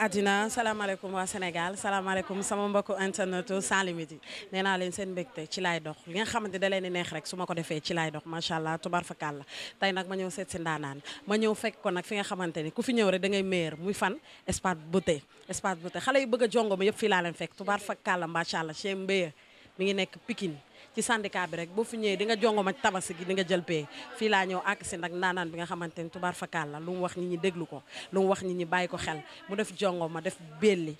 waa àddina salaamaaleykum waa Sénégal salaamaaleykum sama mbokku internet sans limite yi nee naa leen seen mbégte ci laay dox li nga xamante da leen di rek su ma ko defee ci laay dox macha allah tubar fakàl la tey nag ma ñëw seet si ndaanaan ma ñëw fekk ko nag fi nga xamante ni ku fi ñëw rek da ngay meer muy fan espace beauté espace beauté xale yu bëgg a jongo ma yëpp fii laa leen fekk tubar fakàl la macha allah chez Mbaye mi ngi nekk Pikine ci syndicat bi rek boo fi ñëwee di nga jongoma tabaski gi di nga jël pee fii laa ñëw ak si nag bi nga xamante ni tubaar fakal la lu mu wax nit ñi déglu ko lu mu wax ñi ñi bàyyi ko xel mu def jongoma def belli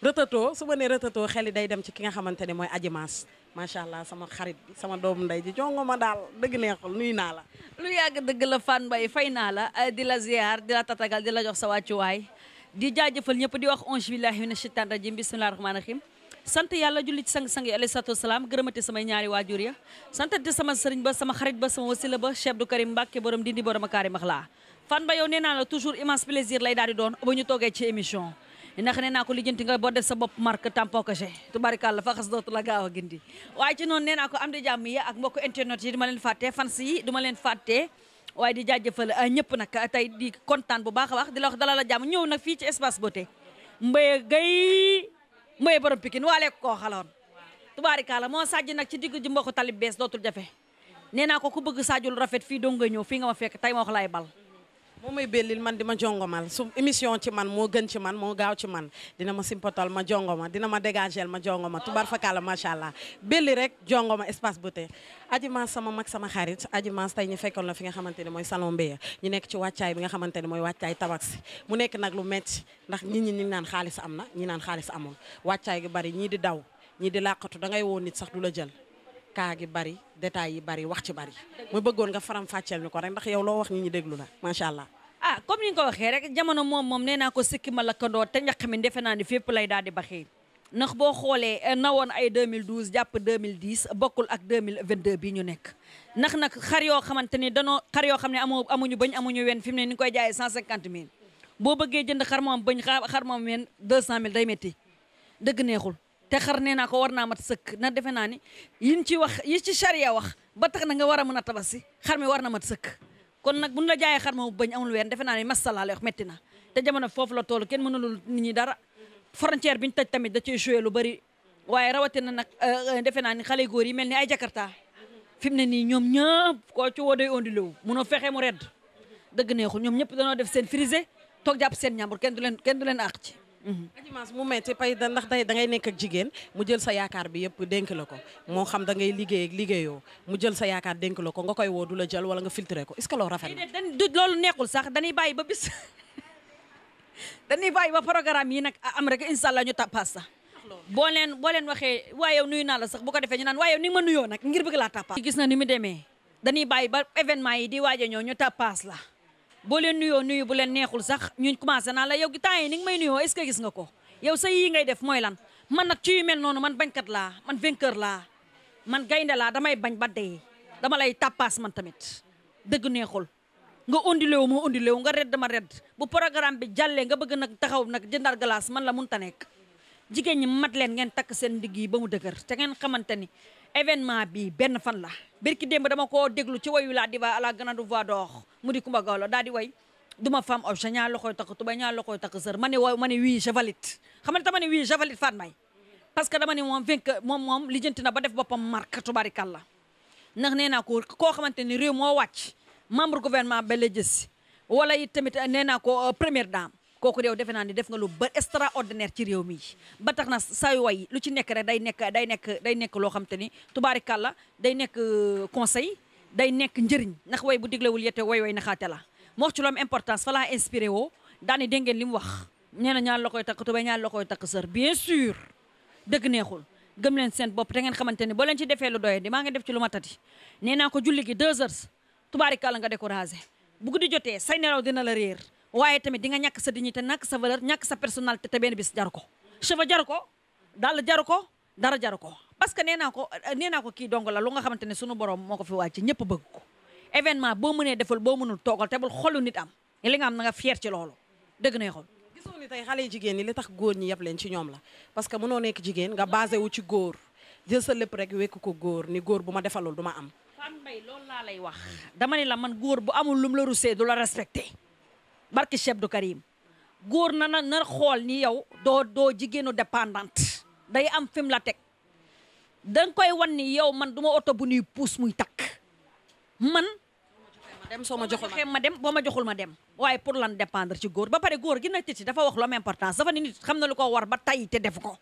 rëtatoo su ma nee rëtatoo xel yi day dem ci ki nga xamante ne mooy Adji Mass macha allah sama xarit sama doomu ndey ji jongoma daal dëgg neexul nuyu naa la. lu yàgg dëgg la fan Mbaye fay naa la eh, di la ziar di la tatagal di la jox sa wàccuwaay di jaajëfal ñëpp di wax ange billahi mina shaytaan rajim bisimilah rahmaani sant yàlla julli ci sang-sang yi alayhi salaatu samay ñaari waajur ya santati sama sëriñ ba sama xarit ba sama wasila ba Cheikh Abdou Karim Mbacke borom dindi borom kaari max laa fan ba yow nee naa la toujours immense lay daal doon ba ñu toogee ci émission ndax nee naa ko lijjanti nga boo def sa bopp marque tampon caché tubarikàlla fa xas dootu la gaaw gindi waaye ci noonu ko am di jàmm yi ak mbokk internet yi du ma leen fàtte fans yi du ma mooy borom pikin waalee ko koo xaloon tubaarikaala moo sajj nag ci digg ji mboxu bees dootul jafe nee naa ko ku bëgg sajjul rafet fii dong nga ñëw fii nga ma fekk tey moo ko laay bal moo may bellil man di ma jongomal su émission ci man moo gën ci man moo gaaw ci man dina ma simpotal ma jongoma dina ma dégagel ma jongoma tubar fakala allah belli rek jongoma espace beauté aji maas sama mag sama xarit aji maas tey ñu fekkoon la fi nga xamante ne mooy salon Mbeya ñu nekk ci wàccaay bi nga xamante ni mooy wàccaay tabaski mu nekk nag lu metti ndax nit ñi ñi naan xaalis am na ñi naan xaalis amul wàccaay gi bari ñii di daw ñii di làqatu da ngay woo nit sax du la jël kaa gi bari détails yi bari wax ci bari mu bëggoon nga faram fàcceel ñu ko rek ndax yow loo wax ñi ñu déglu la macha allah. ah comme ni ko waxee rek jamono moom moom nee naa ko sikki ma lakkandoo te ñax mi defe naa ni fépp lay daal di baxee ndax boo xoolee eh, na woon ay 2012 jàpp 2010 bokkul ak 2022 bi ñu nekk ndax nag xar yoo xamante ni danoo xar yoo xam ne amu amuñu amuñu wen fi mu ne ni koy jaayee 150 mille boo bëggee jënd xar moom bañ xar moom wen 200 mille day métti dëgg neexul te xar nee naa ko war naa mat sëkk na defe naa ni yiñ ci wax yi ci charia wax ba tax na nga war a mën a tabaski xar mi war na mat sëkk kon nag buñ la jaayee xar moomu bañ amul ween defe naa ni masala la wax metti na te jamono foofu la toll kenn mënalul nit ñi dara frontière bi ñu tëj tamit da ciy joué lu bari waaye rawatina nag euh, euh, defe naa ni xale góor yi mel ni ay jakarta fi mu ne nii ñoom ñëpp koo ci woo doy ondi lewu munoo fexe mu redd dëgg neexul ñoom ñëpp danoo def seen frisé toog jàpp seen ñàmbur kenn du leen kenn du leen àq ci Adimance mu metti pay da ndax day da nekk ak jigéen mu jël sa yaakaar bi yëpp dénk la ko moo xam da ngay liggéey ak liggéeyoo mu jël sa yaakaar dénk la ko nga koy woo du la jël wala nga filtré ko est-ce que loolu rafet na du loolu neexul sax dañuy bàyyi ba bis dañuy bàyyi ba programme yi nag am rek incha allah ñu tappaas sax boo leen leen waxee waaye yow nuyu naa la sax bu ko defee ñu naan waaye yow ma nuyoo nag ngir bëgg la tappaas gis na ni mu demee dañuy bàyyi ba événement yi di waaja ñoo ñu tappaas la boo leen nuyoo nuyu bu leen neexul sax ñu commencé naa la yow gi temps yi ni nga may nuyoo est gis nga ko yow sa yii ngay def mooy lan man nag ci yu mel noonu man bañkat laa man vainqueur laa man gaynde laa damay bañ ba dee dama lay tappaas man tamit dëgg neexul nga ondilewu ma ondilewu nga redd ma redd bu programme bi jàllee nga bëgg nag taxaw nag jëndar glace man la mun ta nekk jigéen ñi mat leen ngeen takk seen ndigg yi ba mu dëgër te ngeen xamante ni événement bi benn fan la birki démb dama koo déglu ci wayu laa diva à la grande voix d'or mu di Kumba Gawlo daal di way duma femme objet ñaar loxoy takk tuba ñaar loxoy takk sër ma ne wa ma ne wii je valide xam ne tama ne wii je valide Fatmay parce que dama ni moom vainque moom moom lijjanti na ba def boppam marque tubarikàlla ndax nee naa ko koo xamante ni réew moo wàcc membre gouvernement ba la gis wala it tamit nee naa ko euh, première dame kooku réew defe naa ni def nga lu ba extraordinaire ci réew mi ba tax na saayu way lu ci nekk rek day nekk day nekk day nekk loo xam te ni tubaarikàlla day nekk euh, conseil day nekk njëriñ ndax way bu diglewul yette way way naxaate la moo ci lu am importance fa laa inspiré woo daani dégg ngeen li mu wax nee na ñaan la koy takk tubay ñaan la koy takk sër bien sûr dëgg neexul gëm leen seen bopp te ngeen xamante ni boo leen ci defee lu doye di maa ngi def ci lu ma tati nee naa ko julli gi deux heures tubaarikàlla nga découragé bu guddi jotee say nelaw dina la réer waaye tamit di nga ñàkk sa dignité ñàkk sa valeur ñàkk sa personnalité te benn bis jaru ko cheveux jaru ko dàll jaru ko dara jaru ko parce que nee naa ko nee naa ko kii dong la lu nga xamante ne sunu borom moo ko fi wàcc ñëpp bëgg ko événement boo mënee defal boo mënul toogal te bul xolu nit am li nga am na nga fier ci loolu dëgg na xool gisoo ni tey xale yi jigéen ñi li tax góor ñi yëpp leen ci ñoom la parce que mënoo nekk jigéen nga basé wu ci góor jël sa lépp rek wekk ko góor ni góor bu ma defalul du am. Fane Mbaye loolu laa lay wax dama ne góor bu amul lum la rusee du la respecté. barki chef du Karim góor na na na xool ni yow doo doo jigéenu dépendante day am fi la teg danga koy wan ni yow man duma ma oto bu nuy puus muy takk man. dem soo ma joxul ma dem boo ma joxul ma dem. waaye pour lan dépendre ci góor ba pare góor gi na tëti dafa wax lu am importance dafa ni nit xam na lu ko war ba tay te def ko.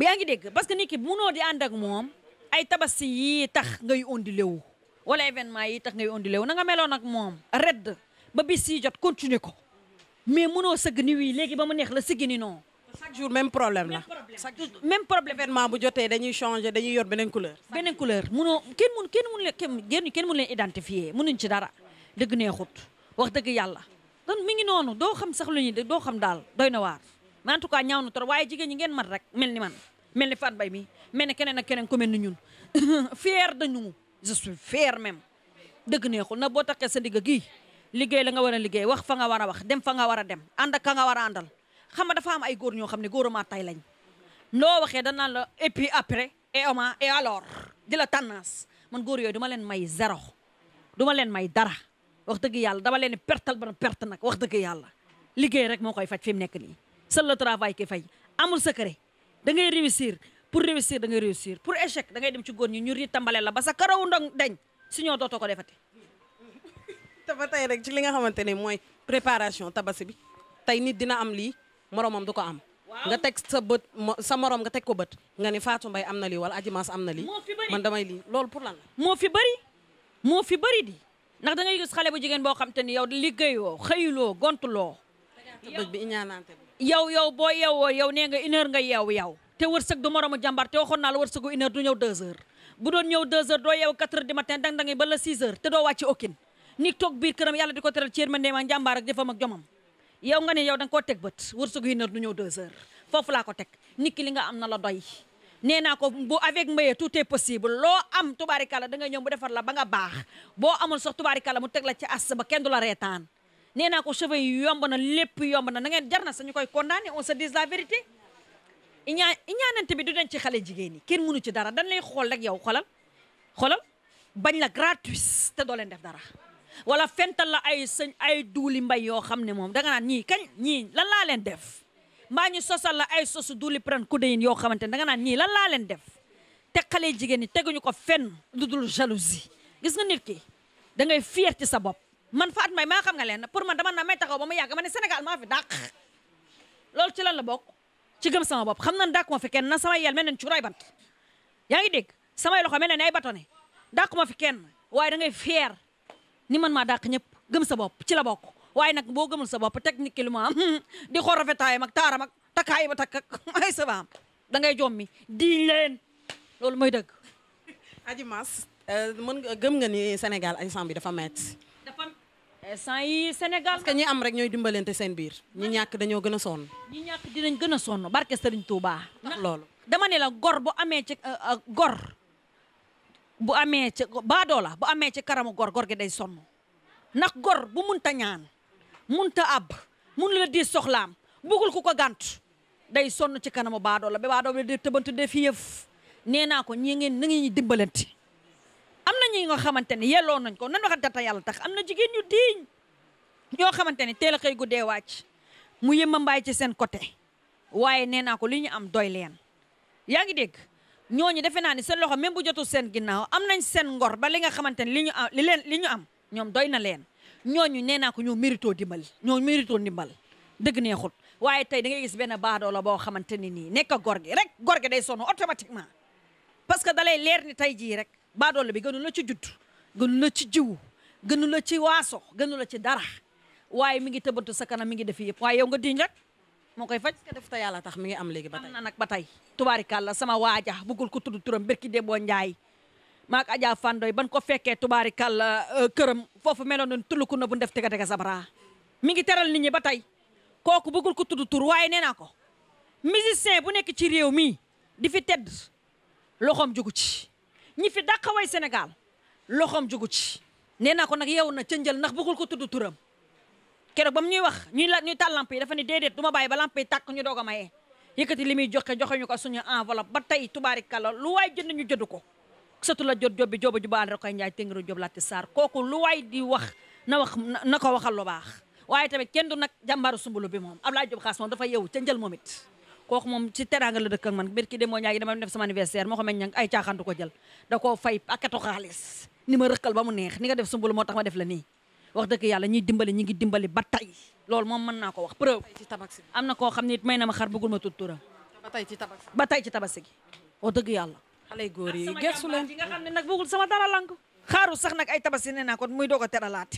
yaa ngi dégg parce que nit ki munoo di ànd ak moom ay tabaski yii tax ngay ondile wu wala événement yi tax ngay ondile wu na nga meloon ak moom redd. ba bis yi jot continuer ko mais munoo sëgg ni wii léegi ba mu neex la sëgg ni non. chaque jour même problème la. chaque jour même problème événement bu jotee dañuy changer dañuy yor beneen couleur. beneen couleur mënoo kenn mun kenn mun leen kenn mun leen identifier mënuñ ci dara dëgg neexut wax dëgg yàlla. donc mi ngi noonu doo xam sax lu ñuy doo xam daal doy na waar mais en tout cas ñaaw na trop waaye jigéen ñi ngeen man rek mel ni man mel ni Fatou bay mi mel ni keneen ak keneen ku mel ni ñun fier de ñu je suis fier même dëgg neexul na boo takkee sa ndigg liggéey la nga war a liggéey wax fa nga war a wax dem fa nga war a dem ànd ka nga war andal àndal xam nga dafa am ay góor ñoo xam ne góorumaa tay lañ noo waxee da naan la et puis après et ama et alors di la tendance man góor yooyu duma leen may zéro duma leen may dara wax dëgg yàlla dama leen pertal ba perte nag wax dëgg yàlla liggéey rek moo koy faj fi mu nekk nii seul le travail ki fay amul secret da ngay réussir pour réussir da ngay réussir pour échec da ngay dem ci góor ñi ñu ri la ba sa karawu ndong dañ si ñoo dootoo ko defati te ba tey rek ci li nga xamante ne mooy préparation tabaski bi tey nit dina am lii moromam du ko am. nga teg sa bët sa morom nga tek ko bët. nga ni Fatou Mbaye am na lii wala Adji Mass am na lii. man damay lii loolu pour lan moo fi bëri moo fi bëri di ndax da ngay gis bu jigéen boo xam te ni yow liggéeyoo xëyuloo gontuloo. yow yow boo yeewoo yow nee nga une heure nga yeew yow. te wërsëg du moromu jàmbaar te waxoon naa du ñëw deux bu doon ñëw deux doo yeew quatre heures du matin dang nit toog biir këram yàlla di ko teral ci yërmandeema njàmbaar ak jëfam ak jomam yow nga ne yow da nga koo teg bët wërsëgu une heure du ñëw deux heures foofu laa ko teg nit li nga am na la doy nee naa ko bu avec Mbaye tout est possible loo am tubaarikàlla da nga ñëw mu defar la ba nga baax boo amul sax tubaarikàlla mu teg la ci as ba kenn du la reetaan nee naa ko cheveux yomb na lépp yomb na na ngeen jar na sax ñu koy condamné on se dise la vérité. iñaa iñaanante bi du den ci xale jigéen ñi kenn mënu ci dara dañ lay xool rek yow xolal xolal bañ la gratuit te doo leen def dara. wala fental la ay sëñ ay duuli mbay yoo xam ne moom danga naan ñii kañ ñii lan laa leen def mbaa ñu sosal la ay sosu duuli pren ku deyin yoo xamante ne danga naan ñii lan laa leen def te xale jigéen ñi teguñu ko fenn lu dul jalousie gis nga ki da ngay fier ci sa bopp man Fatou Mbaye maa xam nga leen pour man dama na may taxaw ba mu yàgg ma ne Sénégal maa fi dàq loolu ci lan la bokk ci gëm sama bopp xam nan dàq ma fi kenn na sama yel mel ne cuuraay bant yaa ngi dégg samay loxo mel ay batone dàq ma fi kenn waaye da ngay ni man maa dàq ñëpp gëm sa bopp ci la bokk waaye nag boo gëmul sa bopp technique lu ma am di xool rafetaayam ak taaram ak takkaay ba takk ak ay sabaam da ngay jommi diñ leen loolu mooy dëgg. Adji Mass euh, mën nga gëm nga ni Sénégal instant bi dafa metti. dafa euh, instant yi Sénégal. parce que ñi am rek ñooy dimbalante seen biir. ñi ñàkk dañoo gën a sonn. ñi ñàkk dinañ gën a sonn barke Serigne Touba. ndax loolu dama ne la gor bu amee euh, gor. bu amee ci baadoola bu amee ci karamu gor gor gi day sonn ndax gor bu munta ñaan munta ab mun la di soxlaam bugul ku ko gànt day sonn ci kanamu baadoola ba baadoola tëbantu de def yëf nee naa ko ñi ngeen na ngeen am na ñi nga xamante ne yelloo nañ ko nan wax data yàlla tax am na jigéen ñu diiñ ñoo xamante ne teel a xëy guddee wàcc mu yëmma mbaay ci seen côté waaye nee naa ko li ñu am doy leen yaa ngi dégg ñooñu defe naa ni seen loxo même bu jotul seen am nañ seen ngor ba li nga xamante ne li ñu am li leen li ñu am ñoom doy na leen ñooñu nee naa ko ñoo mérito dimbal ñoo mérito ndimbal dëgg neexul waaye tey da ngay gis benn baadoola boo xamante ne nii nekk gor gi rek gor gi day sonn automatiquement parce que dalay leer ni tey jii rek baadoola bi gënu la ci judd gënu la ci jiwu gënu la ci waaso gënu la ci dara waaye mi ngi tëbatu sa kanam mi ngi def yëpp waaye yow nga diñ moo koy faj parce que def te yàlla tax mi ngi am léegi ba tey am na nag ba tey tubaarikàlla sama waaja bëggul ko tudd turam bërki de boo njaay maak Adja Fandoy ban ko fekkee tubaarikàlla euh, këram foofu meloon na tulluku na bu def tega tega sabara mi ngi teral nit ñi ba tey kooku bëggul ko tudd tur waaye nee naa ko musicien bu nekk ci réew mi di fi tedd loxoom jugu ci ñi fi dàqaway Sénégal loxoom jugu ci nee naa ko nag yow na cënjal ndax bëggul ko tudd turam keroog ba mu ñuy wax ñuy la ñuy taal dafa ne déedéet du ma bàyyi ba lamp yi tàkk ñu doog a maye yëkkati li muy joxe joxe ñu ko suñu enveloppe ba tey tubaarikàlla lu waay jënd ñu jënd ko sëtu la jot job bi joba juba ànd rek koy njaay téngiru job laati saar kooku lu waay di wax na wax na ko waxal lu baax waaye tamit kenn du nag jàmbaaru sumbulu bi moom Ablaye Diop Xaas moom dafa yeewu ca njël moom it kooku moom ci teraanga la dëkk ak man biir ki demoo ñaar yi dama def sama anniversaire moo xam ne ay caaxaan du ko jël da fay paketu xaalis ni ma rëkkal ba mu neex ni nga def sumbulu moo tax ma def la nii wax dëgg yàlla ñuy dimbali ñi ngi dimbali ba tey loolu moom mën naa ko wax preuve ci tabaski am na koo xam ne it may na ma xar bëggul ma tudd turam ba tey ci tabaski ba tey ci tabaski gi wax dëgg yàlla xale góor yi gëstu leen nga xam ne nag bëggul sama dara lank xaaru sax nag ay tabaski nee naa kon muy doog a teralaat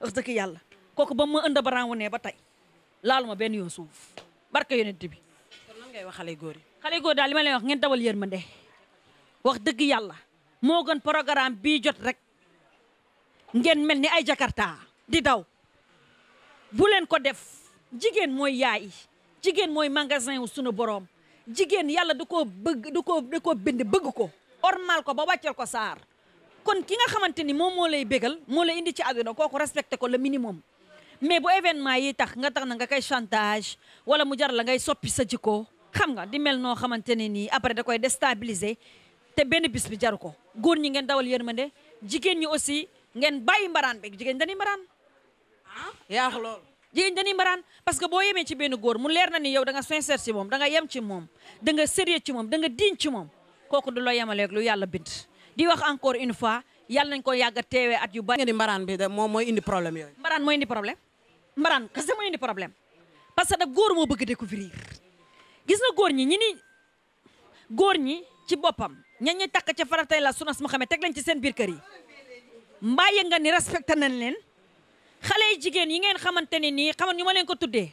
wax dëgg yàlla kooku ba ma ënd barangu ne ba tey laalu ma benn yoon suuf barke yonent bi kon lan ngay wax xale góor yi xale góor daal li ma leen wax ngeen dawal yërmande wax dëgg yàlla moo gën programme ngeen mel ni ay jakarta di daw bu leen ko def jigéen mooy yaay jigéen mooy magasin wu sunu borom jigéen yàlla da koo bëgg da koo da koo bëgg ko ormal ko ba wàccel ko saar kon ki nga xamante ni moom moo lay bégal moo lay indi ci àdduna kooku respecté ko le minimum mais bu événement yi tax nga tax na nga koy chantage wala mu jar la ngay soppi sa jikko xam nga di mel noo xamante ne nii après da koy déstabiliser te benn bis bi jar ko góor ñi ngeen dawal yërmande jigéen ñi ngeen bàyyi mbaraan bi jigéen dañuy mbaraan ah yaax lool jigéen dañuy mbaraan parce que boo yemee ci benn góor mu leer na ni yow danga nga sincère ci moom da nga yem ci moom da nga sérieux ci moom da nga ci moom kooku du la yemaleeg lu yàlla bind di wax encore une fois yàlla nañ ko yàgga teewe at yu bari nga ni mbaraan bi de moom mooy indi problème yooyu mbaraan mooy indi problème mbaraan kese problème parce que da góor moo bëgg découvrir gis na góor ñi ñi ni góor ñi ci boppam ñañ ñi takk ca faratay la sunas mu xamee teg lañ ci seen biir kër yi mbaa yëg nga ni respecté nañ leen xale yi jigéen yi ngeen xamante ne nii xaman ñu ma leen ko tuddee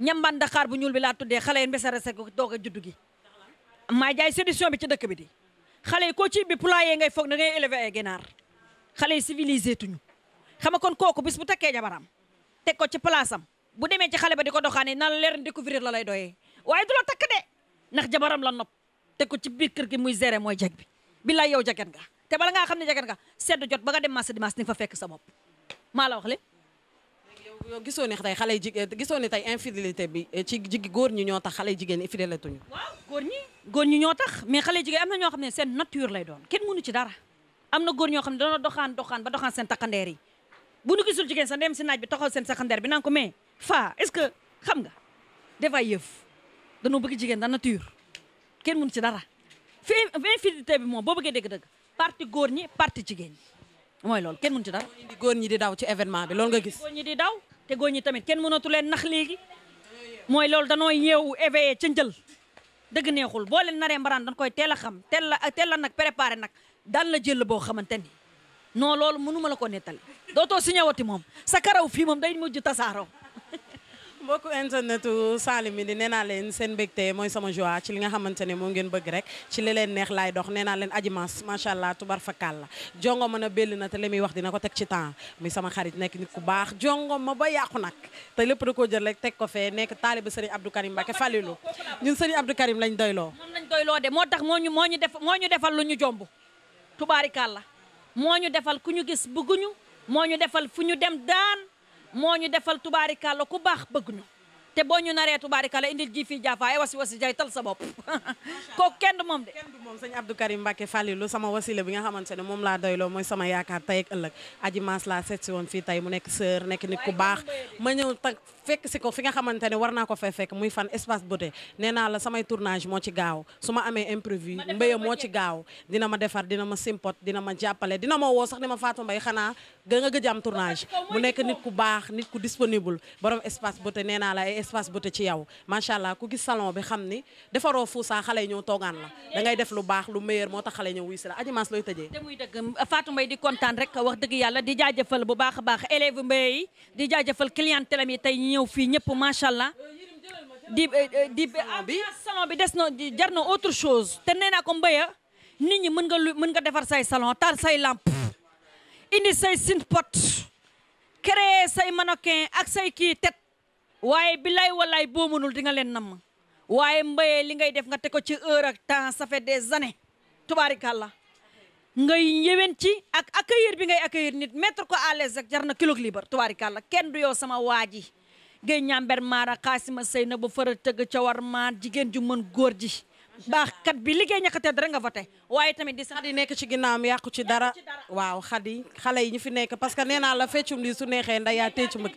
ñambaan daxaar bu ñuul bi laa tuddee xale yi mbesa rese doog a juddu gi maa jaay solution bi ci dëkk bi di xale yi koo ci bi ployé ngay foog da nga élevé ay ginaar xale yi civilisé tuñu xam nga kon kooku bis bu takkee jabaram teg ko ci place bu demee ci xale ba di ko doxaani na la leer découvrir la lay doyee waaye du la takk de ndax jabaram la nopp teg ko ci biir kër gi muy géré mooy jeg bi billaay yow jaget nga te bala ngaa xam ne jagat nga sedd jot ba nga dem marché dimanche ni nga fa fekk sa bopp la wax li yow gisoo ne tey xale yi jigéen gisoo ne tey infidélité bi eh, ci jigi góor ñi ñoo tax xale yi jigéen infidélatuñu waaw góor ñi góor ñi ñoo tax mais xale jigéen am na ñoo xam ne seen nature lay doon kenn mënu ci dara am na góor ñoo xam ne dana doxaan doxaan ba doxaan seen takkandeer yi bu nu gisul jigéen sa dem si naaj bi taxaw seen takkandeer bi naan ko mais faa est-ce que xam nga dafay yëf danoo bëgg jigéen da nature kenn mënu ci dara fi infidélité bi moo boo bëggee dégg-dëgg parti góor ñi parti jigéen ñi mooy loolu kenn mënu ci dara. góor ñi di daw ci événement bi loolu nga gis. góor ñi di daw te góor ñi tamit kenn mënatu leen nax léegi mooy loolu danoo yeewu eve ca njël dëgg neexul boo leen naree mbaraan dañ koy teel a xam teel la teel la nag préparé nag daan la jël boo xamante ni non loolu mënuma la ko nettali dootoo si ñëwati moom sa karaw fii moom day mujj tasaaroo. mbokku internetu Sans Limites nee naa leen seen mbégte mooy sama joie ci li nga xamante ne moo ngeen bëgg rek ci li leen neex laay dox nee naa leen Adji Mass macha allah tubar fakal la jongo na bell na te li muy wax dina ko teg ci temps muy sama xarit nekk nit ku baax jongo ma ba yàqu nag te lépp da koo jël rek teg ko fee nekk taaliba sëriñ Abdou Karim Mbacke Falilou ñun sëriñ Abdou Karim lañ doyloo. moom lañ doyloo de moo tax moo ñu moo ñu def moo ñu defal lu ñu jomb tubaarikàlla moo ñu defal ku ñu gis bëgguñu moo ñu defal fu ñu dem daan moo ñu defal tubaarikàlla ku baax bëgg ñu te boo ñu naree tubaarikala indil ji fii jaafaay wasi wasi jay tal sa bopp kooku kenn du moom de kenn du moom sëñ Abdou Karim Mbacke Fallilou sama wasila bi nga xamante ne moom laa doyloo mooy sama yaakaar tey ak aji maas laa seet woon fii tey mu nekk sœur nekk nit ku baax ma ñëw tak fekk si ko fi nga xamante ne war naa ko fee fekk muy fan espace beauté nee naa la samay tournage moo ci gaaw su ma amee imprévu mbéya moo ci gaaw dina ma defar dina ma simpot dina ma jàppale dina ma woo sax ni ma Fatou Mbaye xanaa ga nga gëj mu nekk nit ku baax nit ku disponible borom espace beauté nee naa la espace beauté ci yow macha allah ku gis salon bi xam ni defaroo fuusaa xale yi ñëw la da def lu baax lu meilleur moo tax xale ñëw wuy si la aji looy tëjee te muy di kontaan rek wax dëgg yàlla di jaajëfal bu baax a baax élève Mbaye yi di jaajëfal clientèle am yi tey ñëw fii ñëpp macha allah di di salon bi des na jar na autre chose te nee naa ko Mbaye nit ñi mën nga lu mën nga defar say salon taal say lamp indi say sint pot créer say mannequin ak say kii tet waaye bilay walaay boo mënul di nga leen namm waaye mbayee li ngay def nga teg ko ci heure ak temps ça fait des années tubaarikàlla ngay ñëwen ci ak accueillir bi ngay accueillir nit mettre ko à l'aise ak jar na kilo libre tubaarikàlla kenn du yoo sama waa ji géy ñamber maara ma sëy na ba fara tëgg cawar maan jigéen ju mën góor ji baaxkat bi liggéey te dara nga voté waaye tamit di sax di nekk ci ginnaawam yàqu ci dara waaw xadi xale yi ñu fi nekk parce que nee naa la feccum li su neexee nda yaa tecc mbëgg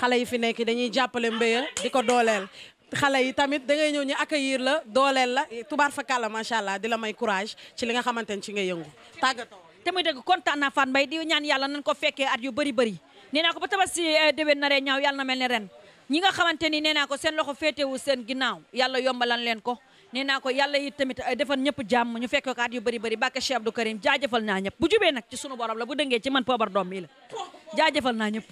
xale yi fi nekk dañuy jàppale mbéyal di ko dooleel xale yi tamit da ngay ñëw ñu accueillir la dooleel la tubaar fa kàlla macha allah di la may courage ci li nga xamante ne ci nga yëngu tàggatoo te muy dëgg kontaan naa Fane Mbaye di ñaan yàlla nañ ko fekkee at yu bëri bëri nee naa ko ba tabaski eh, déwén nare ñaaw yàlla na mel ne ren ñi nga xamante ni nee naa ko seen loxo féetewu seen ginnaaw yàlla yombalan leen ko nee naa ko yàlla it tamit eh, defal ñëpp jàmm ñu fekk ko at yu bëri bëri bàkke Cheikh Abdou Karim jaajëfal naa ñëpp bu jubee nag ci sunu borom la bu dëngee ci man poobar doom yi la jaajëfal naa ñëpp